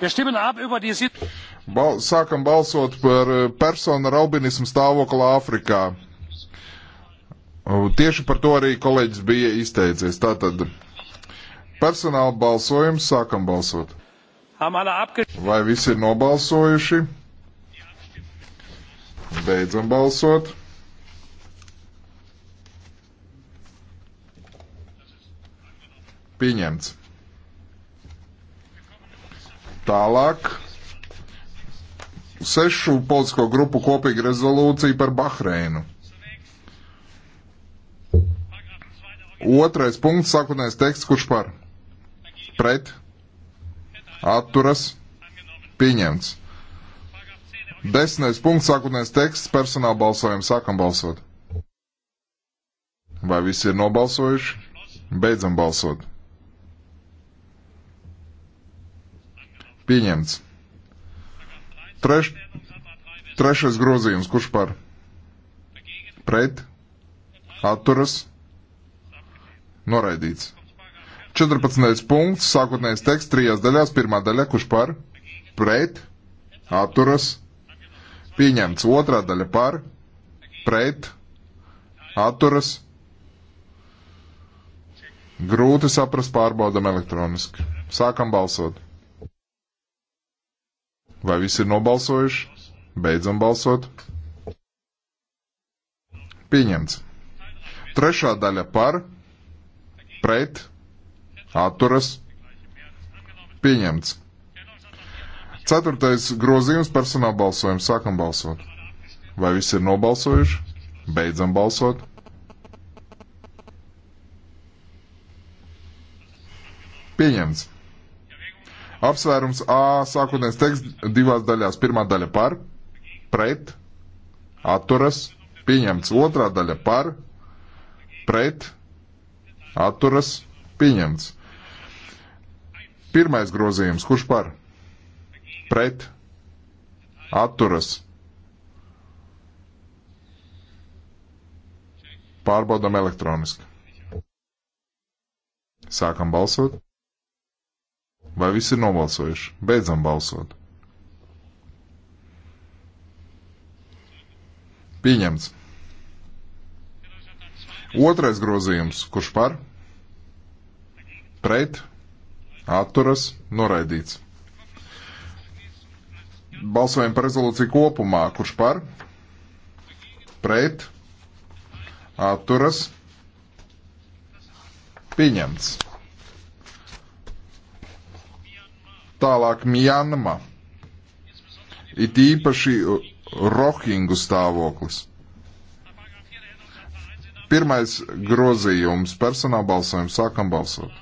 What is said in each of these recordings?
Bal sākam balsot par eh, personu ar albinismu stāvokli Āfrikā. Tieši par to arī kolēģis bija izteicies. Tātad personāla balsojums sākam balsot. Vai visi ir nobalsojuši? Beidzam balsot. Pieņemts. Tālāk sešu politisko grupu kopīga rezolūcija par Bahreinu. Otrais punkts, sākotnējais teksts, kurš par pret atturas pieņemts. Desmitais punkts, sākotnējais teksts, personāla balsojumu sākam balsot. Vai visi ir nobalsojuši? Beidzam balsot. Pieņemts. Treš, trešais grozījums, kurš par? Pret? Atturas? Noraidīts. 14. punkts, sākotnējais teksts, trijās daļās, pirmā daļa, kurš par? Pret? Atturas? Pieņemts. Otrā daļa par? Pret? Atturas? Grūti saprast, pārbaudam elektroniski. Sākam balsot. Vai visi ir nobalsojuši? Beidzam balsot. Pieņemts. Trešā daļa par, pret, atturas. Pieņemts. Ceturtais grozījums personāla balsojumu. Sākam balsot. Vai visi ir nobalsojuši? Beidzam balsot. Pieņemts. Apsvērums A sākotnēs teksts divās daļās. Pirmā daļa par, pret, atturas, pieņemts. Otrā daļa par, pret, atturas, pieņemts. Pirmais grozījums, kurš par, pret, atturas. Pārbaudam elektroniski. Sākam balsot. Vai visi ir nobalsojuši? Beidzam balsot. Pieņemts. Otrais grozījums. Kurš par? Pret. Atturas. Noraidīts. Balsojam par rezolūciju kopumā. Kurš par? Pret. Atturas. Pieņemts. Tālāk Mjanma. It īpaši rohingu stāvoklis. Pirmais grozījums - personāla balsojums. Sākam balsot.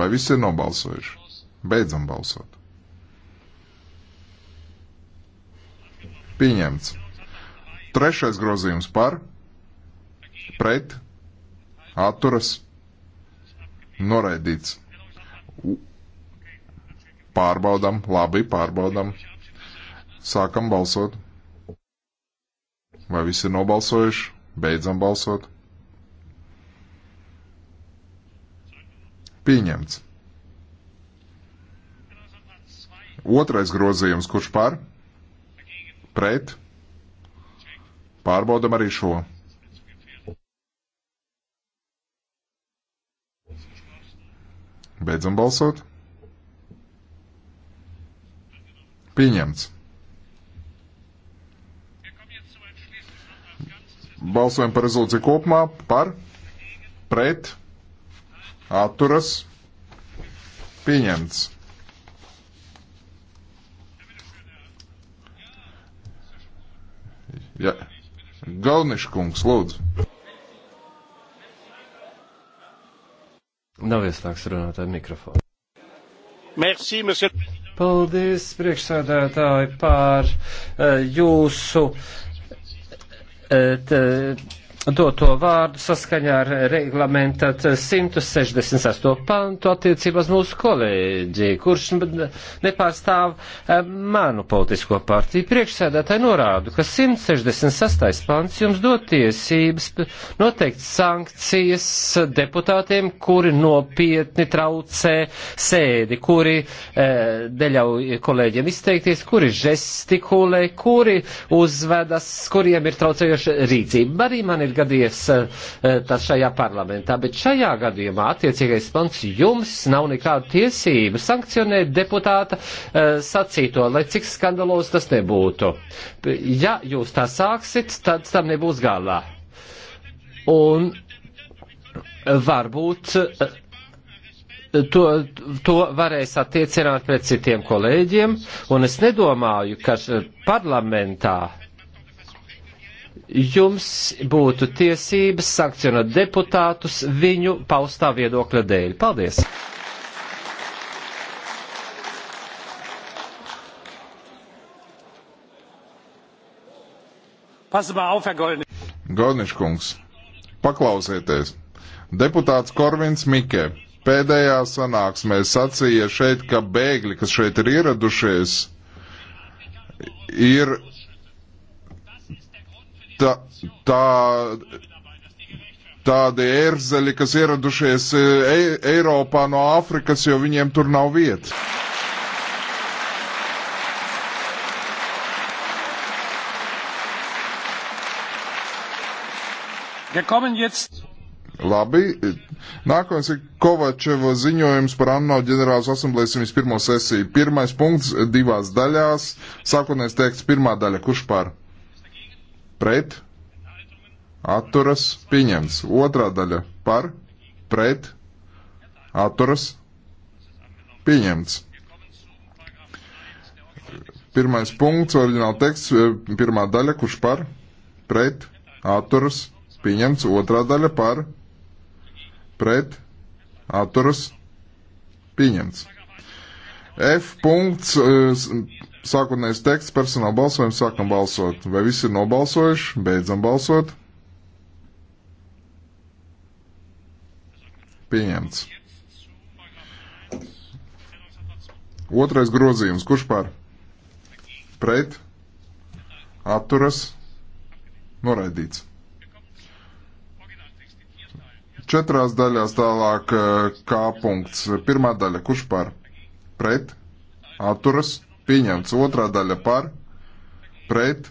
Vai visi ir nobalsojuši? Beidzam balsot. Pieņemts. Trešais grozījums par, pret, atturas, noraidīts. Pārbaudam, labi, pārbaudam. Sākam balsot. Vai visi ir nobalsojuši? Beidzam balsot. Pieņemts. Otrais grozījums, kurš par? Pret? Pārbaudam arī šo. Beidzam balsot. Pieņemts. Balsojam par rezolūciju kopumā. Par, pret, atturas. Pieņemts. Ja. Galniškungs, lūdzu. Nav ieslēgts runātāja mikrofons. Merci, monsieur. Paldies, priekšsēdētāji, par eh, jūsu. Et, eh, doto vārdu saskaņā ar reglamenta 168 pantu attiecībās mūsu kolēģi, kurš nepārstāv eh, manu politisko partiju. Priekšsēdētāji norādu, ka 168 pants jums dot tiesības noteikt sankcijas deputātiem, kuri nopietni traucē sēdi, kuri deļauj eh, kolēģiem izteikties, kuri žestikulē, kuri uzvedas, kuriem ir traucējoša rīcība. Arī man ir gadījies eh, eh, tas šajā parlamentā, bet šajā gadījumā attiecīgais pants jums nav nekāda tiesība sankcionēt deputāta eh, sacīto, lai cik skandalos tas nebūtu. Ja jūs tā sāksit, tad tam nebūs galā. Un varbūt to, to varēs attiecināt pret citiem kolēģiem, un es nedomāju, ka parlamentā jums būtu tiesības sankcionēt deputātus viņu paustā viedokļa dēļ. Paldies! Godnišs kungs, paklausieties! Deputāts Korvins Mikē pēdējā sanāksmē sacīja šeit, ka bēgļi, kas šeit ir ieradušies, ir tā, tā, tādi ērzeļi, kas ieradušies e, e Eiropā no Āfrikas, jo viņiem tur nav vietas. Labi, nākamais ir Kovačeva ziņojums par ANO ģenerālas asamblējas 101. sesiju. Pirmais punkts divās daļās, sākotnēs teksts pirmā daļa, kurš pār? pret, atturas, pieņemts. Otrā daļa par, pret, atturas, pieņemts. Pirmais punkts, oriģināla teksts, eh, pirmā daļa, kurš par, pret, atturas, pieņemts. Otrā daļa par, pret, atturas, pieņemts. F punkts, eh, Sākotnējais teksts personāla balsojums sākam balsot. Vai visi ir nobalsojuši? Beidzam balsot. Pieņemts. Otrais grozījums. Kurš pār? Pret? Atturas? Noraidīts. Četrās daļās tālāk eh, kā punkts. Pirmā daļa. Kurš pār? Pret? Atturas? pieņemts. Otrā daļa par, pret,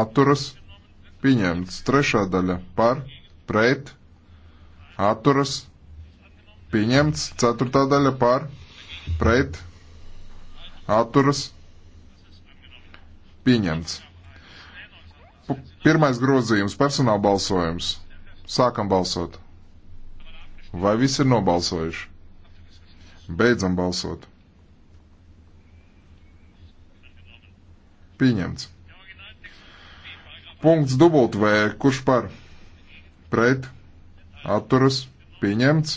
atturas, pieņemts. Trešā daļa par, pret, atturas, pieņemts. Ceturtā daļa par, pret, atturas, pieņemts. P pirmais grozījums - personāla balsojums. Sākam balsot. Vai visi ir nobalsojuši? Beidzam balsot. Pieņemts. Punkts dubult V. Kurš par? Pret. Atturas. Pieņemts.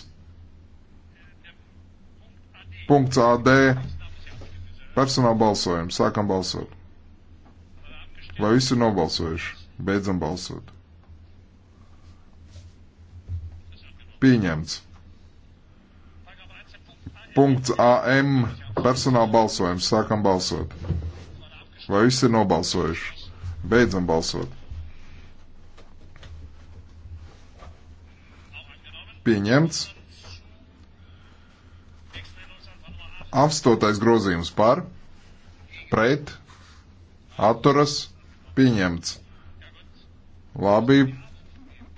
Punkts AD. Personāla balsojums. Sākam balsot. Vai visi ir nobalsojuši? Beidzam balsot. Pieņemts. Punkts AM. Personāla balsojums. Sākam balsot. Vai viss ir nobalsojuši? Beidzam balsot. Pieņemts. Astotais grozījums par, pret, atturas, pieņemts. Labi,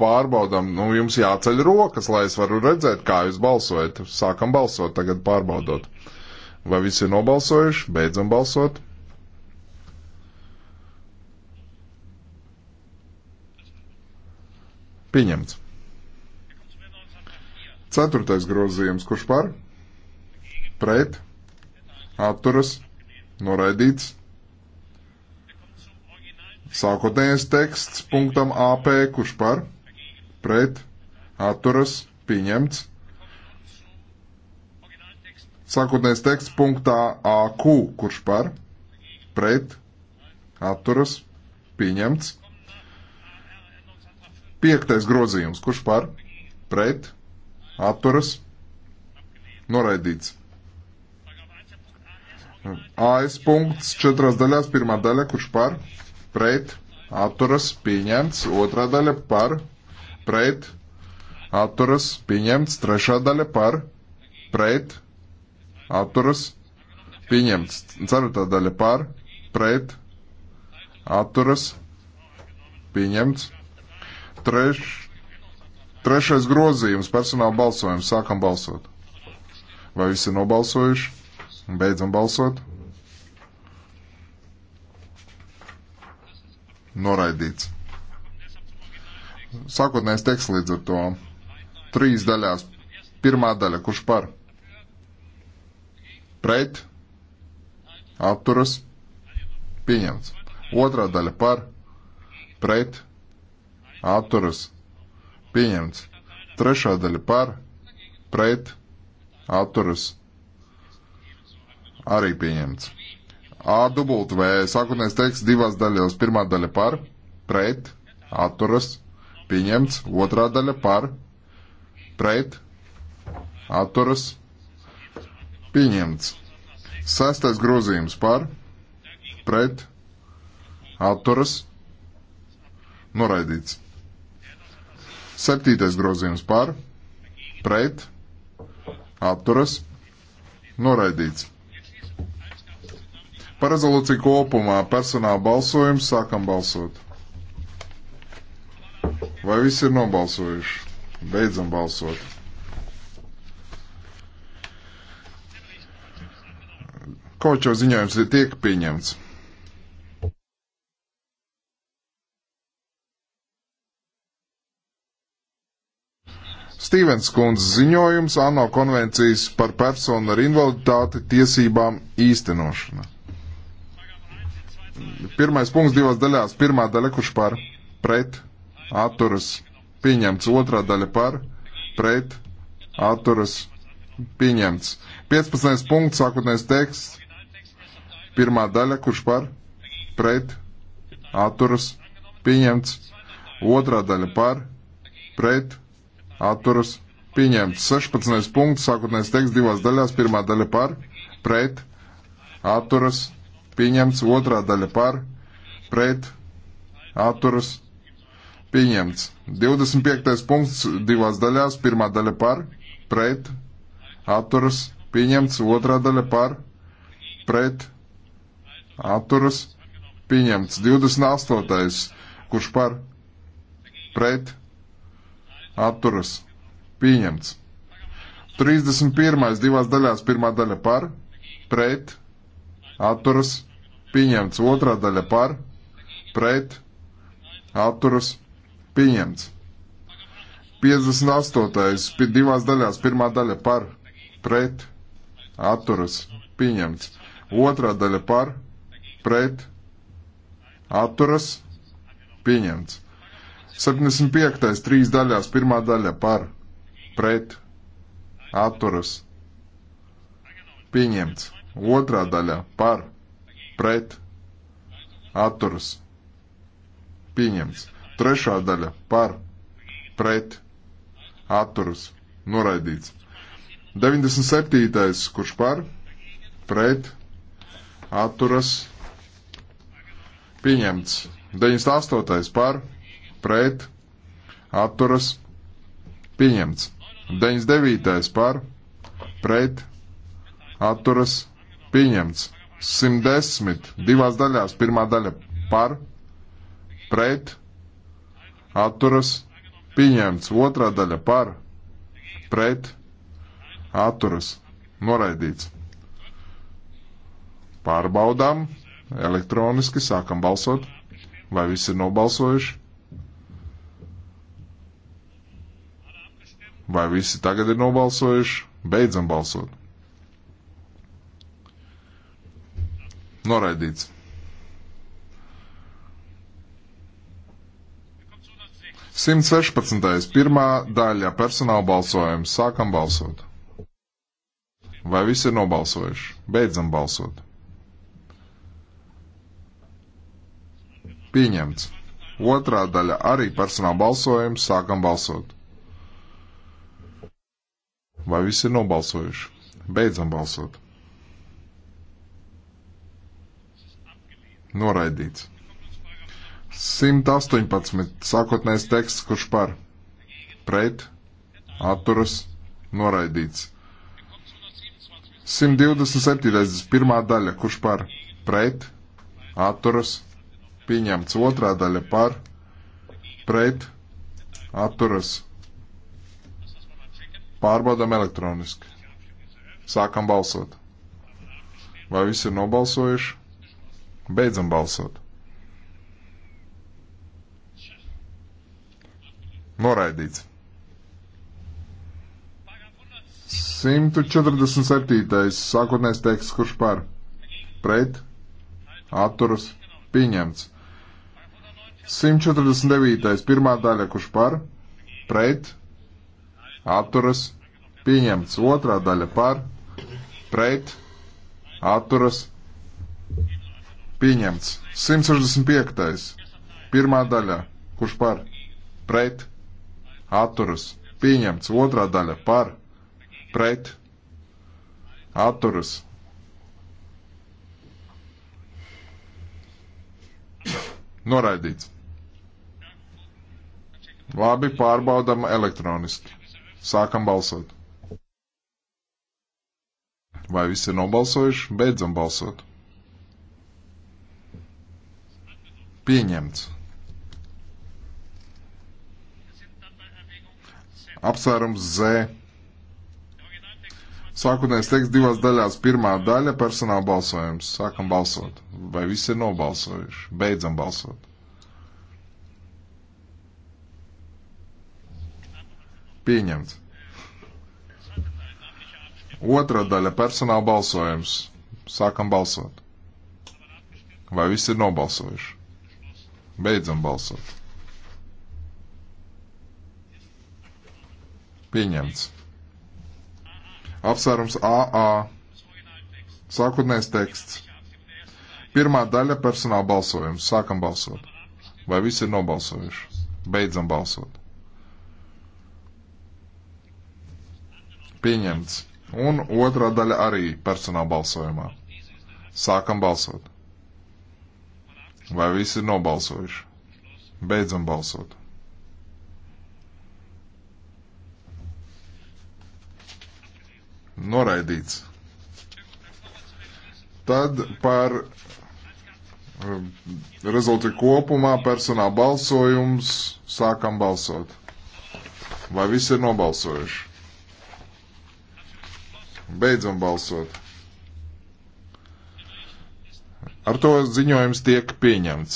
pārbaudām. Nu, jums jāceļ rokas, lai es varu redzēt, kā jūs balsojat. Sākam balsot, tagad pārbaudot. Vai visi ir nobalsojuši? Beidzam balsot. Pieņemts. Ceturtais grozījums, kurš par? Pret, atturas, noraidīts. Sākotnējais teksts punktam AP, kurš par? Pret, atturas, pieņemts. Sākotnējais teksts punktā AQ, kurš par? Pret, atturas, pieņemts. Piektais grozījums. Kurš par? Pret. Atturas. Noraidīts. AS punkts četrās daļās. Pirmā daļa, kurš par? Pret. Atturas. Pieņemts. Otrā daļa par? Pret. Atturas. Pieņemts. Trešā daļa par? Pret. Atturas. Pieņemts. Ceturtā daļa par? Pret. Atturas. Pieņemts. Treš, trešais grozījums, personāla balsojums. Sākam balsot. Vai visi ir nobalsojuši? Beidzam balsot. Noraidīts. Sākotnējais teksts līdz ar to. Trīs daļās. Pirmā daļa, kurš par? Pret? Atturas? Pieņemts. Otrā daļa par? Pret? atturas pieņemts. Trešā daļa par, pret, atturas arī pieņemts. A dubult V sākotnēs teksts divās daļās. Pirmā daļa par, pret, atturas pieņemts. Otrā daļa par, pret, atturas pieņemts. Sestais grozījums par, pret, atturas noraidīts. Septītais grozījums par, pret, atturas, noraidīts. Par rezolūciju kopumā personāla balsojums sākam balsot. Vai visi ir nobalsojuši? Beidzam balsot. Kočo ziņojums tiek pieņemts. Stīvens kundzes ziņojums ANO konvencijas par personu ar invaliditāti tiesībām īstenošana. Pirmais punkts divās daļās. Pirmā daļa, kurš par pret atturas pieņemts. Otrā daļa par pret atturas pieņemts. 15. punkts, sākotnēs teksts. Pirmā daļa, kurš par pret atturas pieņemts. Otrā daļa par pret atturas pieņemts atturas pieņemts. 16. punkts, sākotnēs teksts divās daļās, pirmā daļa par, pret, atturas pieņemts, otrā daļa par, pret, atturas pieņemts. 25. punkts divās daļās, pirmā daļa par, pret, atturas pieņemts, otrā daļa par, pret, atturas pieņemts. 28. kurš par, pret, atturas pieņemts. 31. divās daļās, pirmā daļa par, pret, atturas pieņemts, otrā daļa par, pret, atturas pieņemts. 58. divās daļās, pirmā daļa par, pret, atturas pieņemts, otrā daļa par, pret, atturas pieņemts. 75. trīs daļās, pirmā daļa par, pret, atturas, pieņemts. Otrā daļa par, pret, atturas, pieņemts. Trešā daļa par, pret, atturas, noraidīts. 97. kurš par, pret, atturas, pieņemts. 98. par, pret, pret, atturas, pieņemts. 99. par, pret, atturas, pieņemts. 110. divās daļās, pirmā daļa par, pret, atturas, pieņemts. Otrā daļa par, pret, atturas, noraidīts. Pārbaudām, elektroniski sākam balsot, vai visi ir nobalsojuši. Vai visi tagad ir nobalsojuši? Beidzam balsot. Noraidīts. Simt sešpadsmitais, pirmā daļa personāla balsojums. Sākam balsot. Vai visi ir nobalsojuši? Beidzam balsot. Pieņemts. Otrā daļa arī personāla balsojums. Sākam balsot. Vai visi ir nobalsojuši? Beidzam balsot. Noraidīts. 118. Sākotnējais teksts, kurš par? Pret, atturas, noraidīts. 127. pirmā daļa, kurš par? Pret, atturas, pieņemts. Otrā daļa par? Pret, atturas, Pārbaudām elektroniski. Sākam balsot. Vai visi ir nobalsojuši? Beidzam balsot. Noraidīts. 147. sākotnējais teksts, kurš par? Pret? Atturas? Pieņemts. 149. pirmā daļa, kurš par? Pret? atturas, pieņemts. Otrā daļa par, pret, atturas, pieņemts. 165. Pirmā daļa, kurš par, pret, atturas, pieņemts. Otrā daļa par, pret, atturas. Noraidīts. Labi, pārbaudam elektroniski. Sākam balsot. Vai visi ir nobalsojuši? Beidzam balsot. Pieņemts. Apsvērums Z. Sākotnējais teksts divās daļās. Pirmā daļa - personāla balsojums. Sākam balsot. Vai visi ir nobalsojuši? Beidzam balsot. Pieņemts. Otra daļa - personāla balsojums. Sākam balsot. Vai viss ir nobalsojuši? Beidzam balsot. Pieņemts. Apsvērums AA. Sākotnējais teksts. Pirmā daļa - personāla balsojums. Sākam balsot. Vai visi ir nobalsojuši? Beidzam balsot. Pieņemts. Un otrā daļa arī personāla balsojumā. Sākam balsot. Vai visi ir nobalsojuši? Beidzam balsot. Noraidīts. Tad par um, rezultātu kopumā personāla balsojums sākam balsot. Vai visi ir nobalsojuši? Beidzam balsot. Ar to ziņojums tiek pieņemts.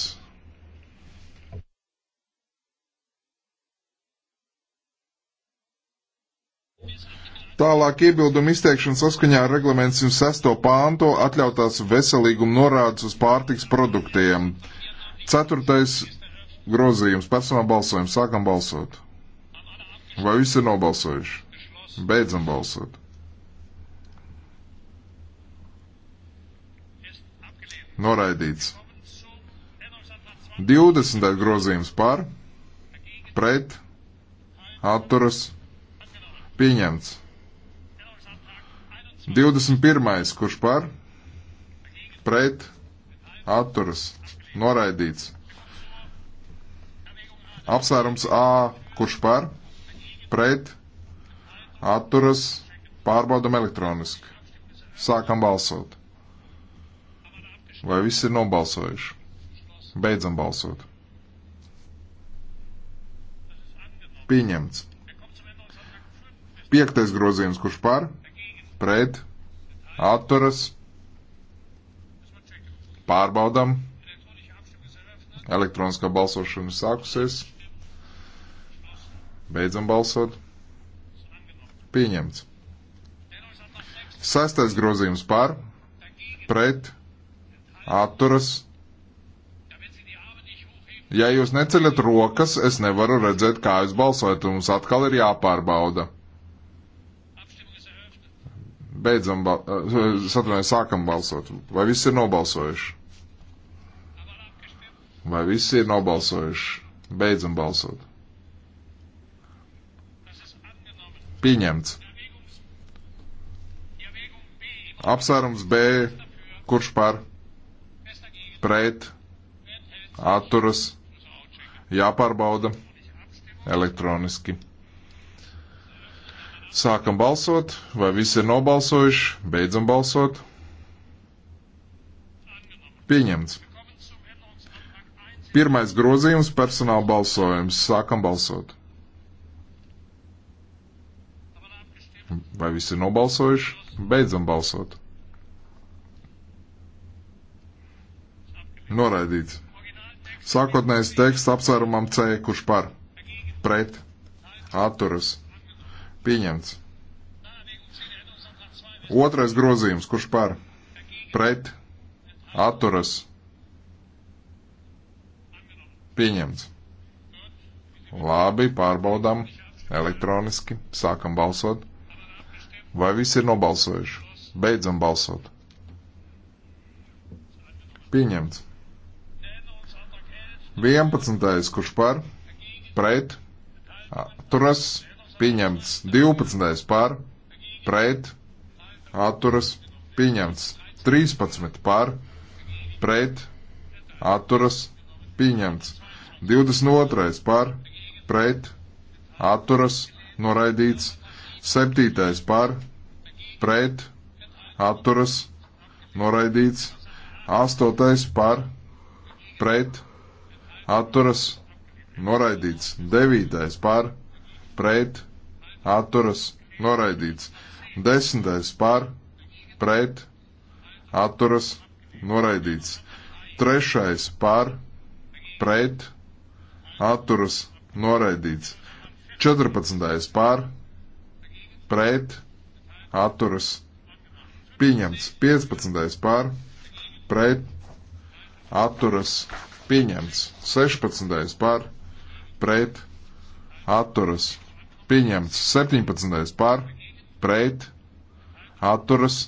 Tālāk iebildumu izteikšana saskaņā ar reglamentu 106. pānto atļautās veselīguma norādes uz pārtiks produktiem. Ceturtais grozījums - personāla balsojums. Sākam balsot. Vai visi ir nobalsojuši? Beidzam balsot. Noraidīts. 20. grozījums par, pret, atturas, pieņemts. 21. kurš par, pret, atturas, noraidīts. Apsvērums A, kurš par, pret, atturas, pārbaudam elektroniski. Sākam balsot. Vai viss ir nobalsojuši? Beidzam balsot. Pieņemts. Piektais grozījums, kurš par, pret, atturas, pārbaudam. Elektroniskā balsošana sākusies. Beidzam balsot. Pieņemts. Sestais grozījums par, pret, atturas atturas. Ja jūs neceļat rokas, es nevaru redzēt, kā jūs balsojat, un mums atkal ir jāpārbauda. Beidzam, bal... Eh, satrunājot, sākam balsot. Vai viss ir nobalsojuši? Vai visi ir nobalsojuši? Beidzam balsot. Pieņemts. Apsvērums B. Kurš par? pret, atturas, jāpārbauda elektroniski. Sākam balsot, vai visi ir nobalsojuši, beidzam balsot. Pieņemts. Pirmais grozījums - personāla balsojums. Sākam balsot. Vai visi ir nobalsojuši? Beidzam balsot. Noraidīts. Sākotnējais teksts apsvērumam C, kurš par, pret, atturas, pieņemts. Otrais grozījums, kurš par, pret, atturas, pieņemts. Labi, pārbaudām elektroniski, sākam balsot. Vai visi ir nobalsojuši? Beidzam balsot. Pieņemts. 11. kurš par, pret, atturas, pieņemts. 12. par, pret, atturas, pieņemts. 13. par, pret, atturas, pieņemts. 22. par, pret, atturas, noraidīts. 7. par, pret, atturas, noraidīts. 8. par, pret, atturas atturas noraidīts. 9. par pret atturas noraidīts. 10. par pret atturas noraidīts. 3. par pret atturas noraidīts. 14. par pret atturas pieņemts. 15. par pret atturas noraidīts pieņemts. 16. par, pret, atturas, pieņemts. 17. par, pret, atturas,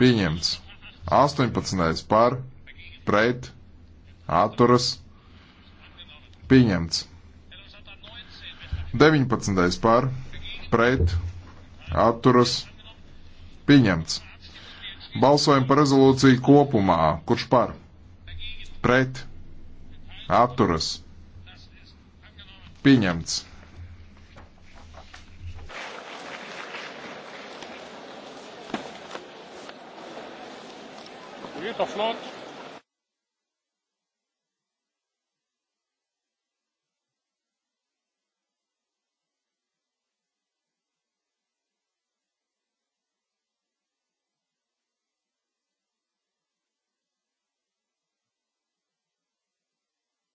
pieņemts. 18. par, pret, atturas, pieņemts. 19. par, pret, atturas, pieņemts. Balsojam par rezolūciju kopumā. Kurš par? pret, atturas, pieņemts. Oui, par flotte.